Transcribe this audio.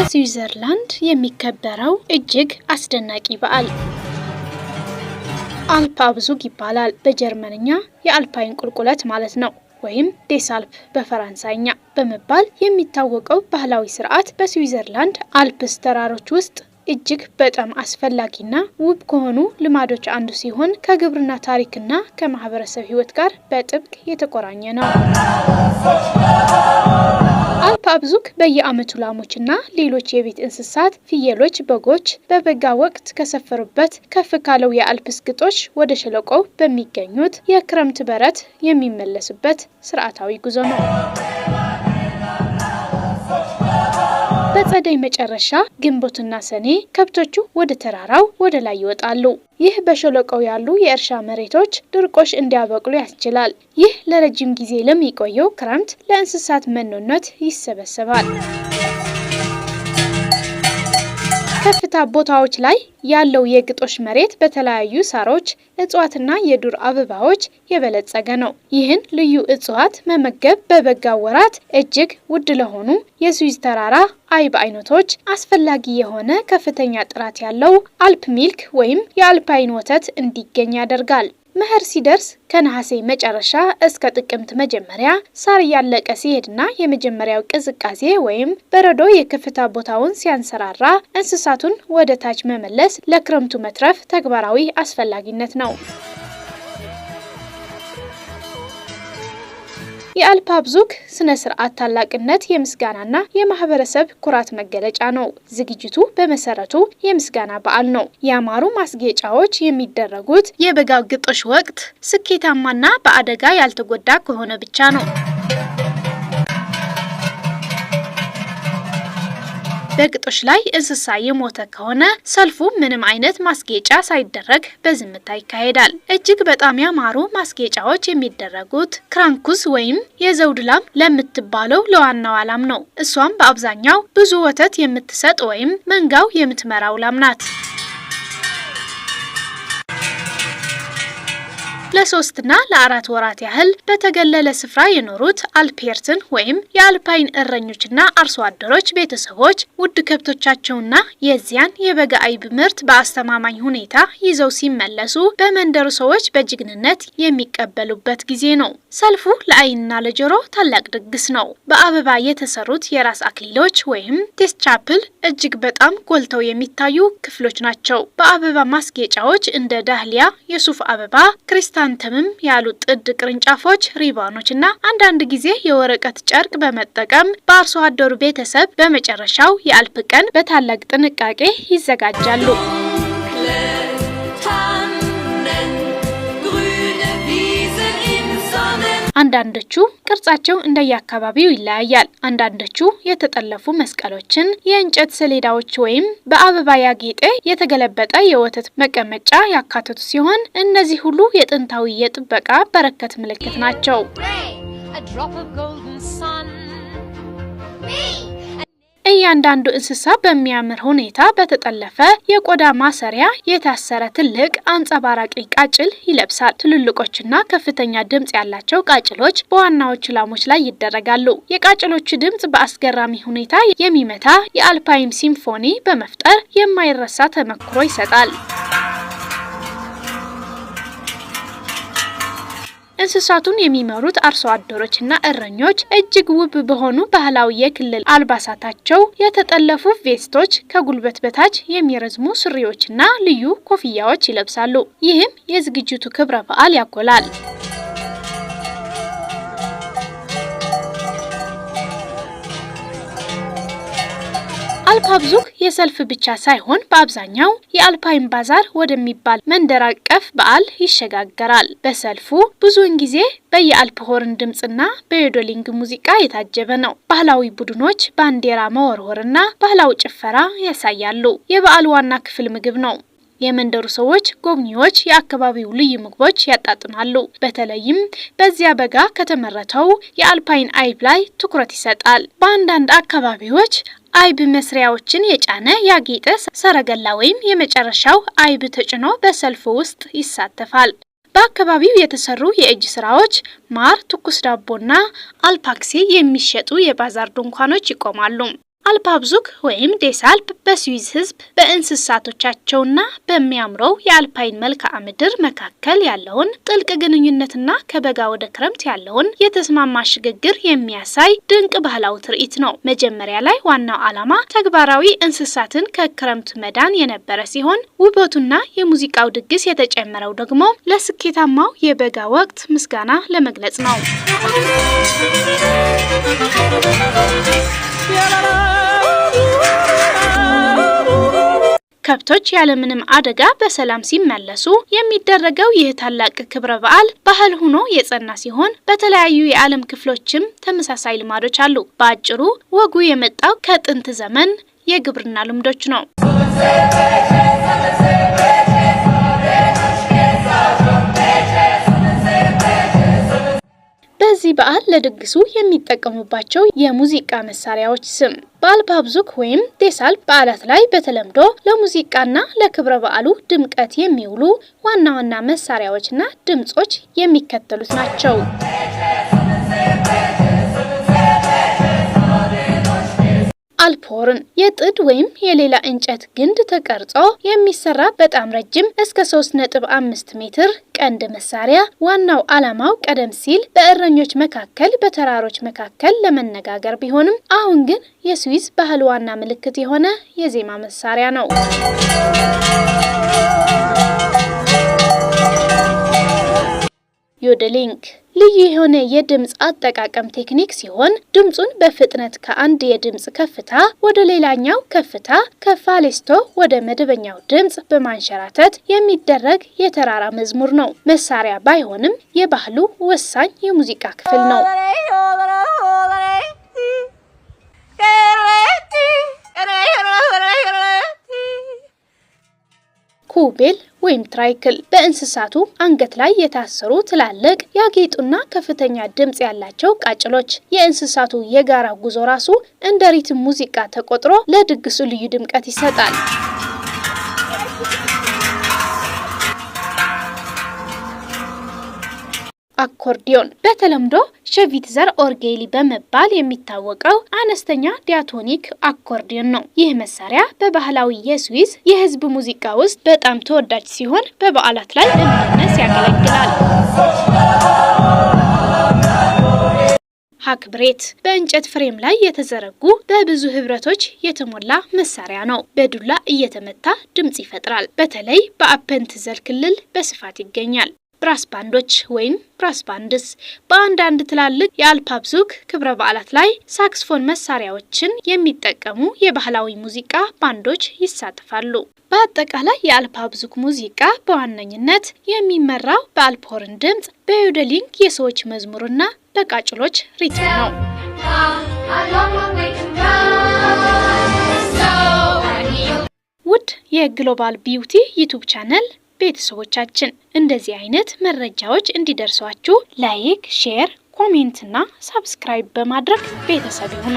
በስዊዘርላንድ የሚከበረው እጅግ አስደናቂ በዓል አልፕ ይባላል። በጀርመንኛ የአልፓይን ቁልቁለት ማለት ነው ወይም ዴሳልፕ በፈራንሳይኛ በመባል የሚታወቀው ባህላዊ ስርዓት በስዊዘርላንድ አልፕስ ተራሮች ውስጥ እጅግ በጣም አስፈላጊና ውብ ከሆኑ ልማዶች አንዱ ሲሆን ከግብርና ታሪክና ከማህበረሰብ ሕይወት ጋር በጥብቅ የተቆራኘ ነው። አልፓ አብዙክ ላሞች ላሞችና ሌሎች የቤት እንስሳት፣ ፍየሎች፣ በጎች በበጋ ወቅት ከሰፈሩበት ከፍ ካለው የአልፕስ ግጦሽ ወደ ሸለቆው በሚገኙት የክረምት በረት የሚመለሱበት ስርዓታዊ ጉዞ ነው። በአደይ መጨረሻ ግንቦትና ሰኔ ከብቶቹ ወደ ተራራው ወደ ላይ ይወጣሉ። ይህ በሸለቆው ያሉ የእርሻ መሬቶች ድርቆሽ እንዲያበቅሉ ያስችላል። ይህ ለረጅም ጊዜ ለሚቆየው ክረምት ለእንስሳት መኖነት ይሰበሰባል። ከፍታ ቦታዎች ላይ ያለው የግጦሽ መሬት በተለያዩ ሳሮች፣ እጽዋትና የዱር አበባዎች የበለጸገ ነው። ይህን ልዩ እጽዋት መመገብ በበጋ ወራት እጅግ ውድ ለሆኑ የስዊዝ ተራራ አይብ አይነቶች አስፈላጊ የሆነ ከፍተኛ ጥራት ያለው አልፕ ሚልክ ወይም የአልፓይን ወተት እንዲገኝ ያደርጋል። መኸር ሲደርስ ከነሐሴ መጨረሻ እስከ ጥቅምት መጀመሪያ ሳር እያለቀ ሲሄድና የመጀመሪያው ቅዝቃዜ ወይም በረዶ የከፍታ ቦታውን ሲያንሰራራ እንስሳቱን ወደ ታች መመለስ ለክረምቱ መትረፍ ተግባራዊ አስፈላጊነት ነው። የአልፓብዙክ ስነ ስርዓት ታላቅነት የምስጋናና የማህበረሰብ ኩራት መገለጫ ነው። ዝግጅቱ በመሰረቱ የምስጋና በዓል ነው። ያማሩ ማስጌጫዎች የሚደረጉት የበጋ ግጦሽ ወቅት ስኬታማና በአደጋ ያልተጎዳ ከሆነ ብቻ ነው። በግጦሽ ላይ እንስሳ የሞተ ከሆነ ሰልፉ ምንም አይነት ማስጌጫ ሳይደረግ በዝምታ ይካሄዳል። እጅግ በጣም ያማሩ ማስጌጫዎች የሚደረጉት ክራንኩስ ወይም የዘውድ ላም ለምትባለው ለዋናው ላም ነው። እሷም በአብዛኛው ብዙ ወተት የምትሰጥ ወይም መንጋው የምትመራው ላም ናት። ለሶስትና ለአራት ወራት ያህል በተገለለ ስፍራ የኖሩት አልፔርትን ወይም የአልፓይን እረኞችና አርሶ አደሮች ቤተሰቦች ውድ ከብቶቻቸውና የዚያን የበጋ አይብ ምርት በአስተማማኝ ሁኔታ ይዘው ሲመለሱ በመንደሩ ሰዎች በጀግንነት የሚቀበሉበት ጊዜ ነው። ሰልፉ ለአይንና ለጆሮ ታላቅ ድግስ ነው። በአበባ የተሰሩት የራስ አክሊሎች ወይም ቴስቻፕል እጅግ በጣም ጎልተው የሚታዩ ክፍሎች ናቸው። በአበባ ማስጌጫዎች እንደ ዳህሊያ፣ የሱፍ አበባ፣ ክሪስታ ክሪሳንተምም ያሉ ጥድ ቅርንጫፎች፣ ሪባኖች እና አንዳንድ ጊዜ የወረቀት ጨርቅ በመጠቀም በአርሶ አደሩ ቤተሰብ በመጨረሻው የአልፕ ቀን በታላቅ ጥንቃቄ ይዘጋጃሉ። አንዳንዶቹ ቅርጻቸው እንደየአካባቢው ይለያያል። አንዳንዶቹ የተጠለፉ መስቀሎችን፣ የእንጨት ሰሌዳዎች ወይም በአበባ ያጌጠ የተገለበጠ የወተት መቀመጫ ያካተቱ ሲሆን እነዚህ ሁሉ የጥንታዊ የጥበቃ በረከት ምልክት ናቸው። እያንዳንዱ እንስሳ በሚያምር ሁኔታ በተጠለፈ የቆዳ ማሰሪያ የታሰረ ትልቅ አንጸባራቂ ቃጭል ይለብሳል። ትልልቆችና ከፍተኛ ድምፅ ያላቸው ቃጭሎች በዋናዎቹ ላሞች ላይ ይደረጋሉ። የቃጭሎቹ ድምፅ በአስገራሚ ሁኔታ የሚመታ የአልፓይም ሲምፎኒ በመፍጠር የማይረሳ ተመክሮ ይሰጣል። እንስሳቱን የሚመሩት አርሶ አደሮችና እረኞች እጅግ ውብ በሆኑ ባህላዊ የክልል አልባሳታቸው የተጠለፉ ቬስቶች፣ ከጉልበት በታች የሚረዝሙ ሱሪዎችና ልዩ ኮፍያዎች ይለብሳሉ። ይህም የዝግጅቱ ክብረ በዓል ያጎላል። አልፓብዙክ የሰልፍ ብቻ ሳይሆን በአብዛኛው የአልፓይን ባዛር ወደሚባል መንደር አቀፍ በዓል ይሸጋገራል። በሰልፉ ብዙውን ጊዜ ሆርን ድምፅና በዮዶሊንግ ሙዚቃ የታጀበ ነው። ባህላዊ ቡድኖች ባንዲራ መወርወርና ባህላዊ ጭፈራ ያሳያሉ። የበዓል ዋና ክፍል ምግብ ነው። የመንደሩ ሰዎች ጎብኚዎች የአካባቢው ልዩ ምግቦች ያጣጥማሉ። በተለይም በዚያ በጋ ከተመረተው የአልፓይን አይብ ላይ ትኩረት ይሰጣል። በአንዳንድ አካባቢዎች አይብ መስሪያዎችን የጫነ ያጌጠ ሰረገላ ወይም የመጨረሻው አይብ ተጭኖ በሰልፍ ውስጥ ይሳተፋል። በአካባቢው የተሰሩ የእጅ ስራዎች፣ ማር፣ ትኩስ ዳቦና አልፓክሴ የሚሸጡ የባዛር ድንኳኖች ይቆማሉ። አልፓብዙክ ወይም ዴሳልፕ በስዊዝ ህዝብ በእንስሳቶቻቸውና በሚያምረው የአልፓይን መልክዓ ምድር መካከል ያለውን ጥልቅ ግንኙነትና ከበጋ ወደ ክረምት ያለውን የተስማማ ሽግግር የሚያሳይ ድንቅ ባህላዊ ትርኢት ነው። መጀመሪያ ላይ ዋናው ዓላማ ተግባራዊ እንስሳትን ከክረምት መዳን የነበረ ሲሆን ውበቱና የሙዚቃው ድግስ የተጨመረው ደግሞ ለስኬታማው የበጋ ወቅት ምስጋና ለመግለጽ ነው። ከብቶች ያለምንም አደጋ በሰላም ሲመለሱ የሚደረገው ይህ ታላቅ ክብረ በዓል ባህል ሆኖ የጸና ሲሆን በተለያዩ የዓለም ክፍሎችም ተመሳሳይ ልማዶች አሉ። በአጭሩ ወጉ የመጣው ከጥንት ዘመን የግብርና ልምዶች ነው። በዓል ለድግሱ የሚጠቀሙባቸው የሙዚቃ መሳሪያዎች ስም በዓል ባብዙክ ወይም ዴሳል በዓላት ላይ በተለምዶ ለሙዚቃና ለክብረ በዓሉ ድምቀት የሚውሉ ዋና ዋና መሳሪያዎችና ድምጾች የሚከተሉት ናቸው። ጣልፖርን የጥድ ወይም የሌላ እንጨት ግንድ ተቀርጾ የሚሰራ በጣም ረጅም እስከ 3.5 ሜትር ቀንድ መሳሪያ። ዋናው ዓላማው ቀደም ሲል በእረኞች መካከል በተራሮች መካከል ለመነጋገር ቢሆንም አሁን ግን የስዊስ ባህል ዋና ምልክት የሆነ የዜማ መሳሪያ ነው። ዮደሊንግ ልዩ የሆነ የድምፅ አጠቃቀም ቴክኒክ ሲሆን ድምፁን በፍጥነት ከአንድ የድምፅ ከፍታ ወደ ሌላኛው ከፍታ ከፋሌስቶ ወደ መደበኛው ድምፅ በማንሸራተት የሚደረግ የተራራ መዝሙር ነው። መሳሪያ ባይሆንም የባህሉ ወሳኝ የሙዚቃ ክፍል ነው። ሮቤል ወይም ትራይክል በእንስሳቱ አንገት ላይ የታሰሩ ትላልቅ ያጌጡና ከፍተኛ ድምፅ ያላቸው ቃጭሎች። የእንስሳቱ የጋራ ጉዞ ራሱ እንደ ሪትም ሙዚቃ ተቆጥሮ ለድግሱ ልዩ ድምቀት ይሰጣል። አኮርዲዮን በተለምዶ ሸቪትዘር ኦርጌሊ በመባል የሚታወቀው አነስተኛ ዲያቶኒክ አኮርዲዮን ነው። ይህ መሳሪያ በባህላዊ የስዊዝ የህዝብ ሙዚቃ ውስጥ በጣም ተወዳጅ ሲሆን በበዓላት ላይ ለመደነስ ያገለግላል። ሀክ ብሬት በእንጨት ፍሬም ላይ የተዘረጉ በብዙ ህብረቶች የተሞላ መሳሪያ ነው። በዱላ እየተመታ ድምፅ ይፈጥራል። በተለይ በአፐንትዘር ክልል በስፋት ይገኛል። ብራስ ባንዶች ወይም ብራስ ባንድስ በአንዳንድ ትላልቅ የአልፓብዙክ ክብረ በዓላት ላይ ሳክስፎን መሳሪያዎችን የሚጠቀሙ የባህላዊ ሙዚቃ ባንዶች ይሳተፋሉ። በአጠቃላይ የአልፓብዙክ ሙዚቃ በዋነኝነት የሚመራው በአልፖርን ድምፅ፣ በዩደሊንግ የሰዎች መዝሙርና በቃጭሎች ሪትም ነው። ውድ የግሎባል ቢዩቲ ዩቱብ ቻነል ቤተሰቦቻችን እንደዚህ አይነት መረጃዎች እንዲደርሷችሁ ላይክ፣ ሼር፣ ኮሜንትና ሳብስክራይብ በማድረግ ቤተሰብ ይሁኑ።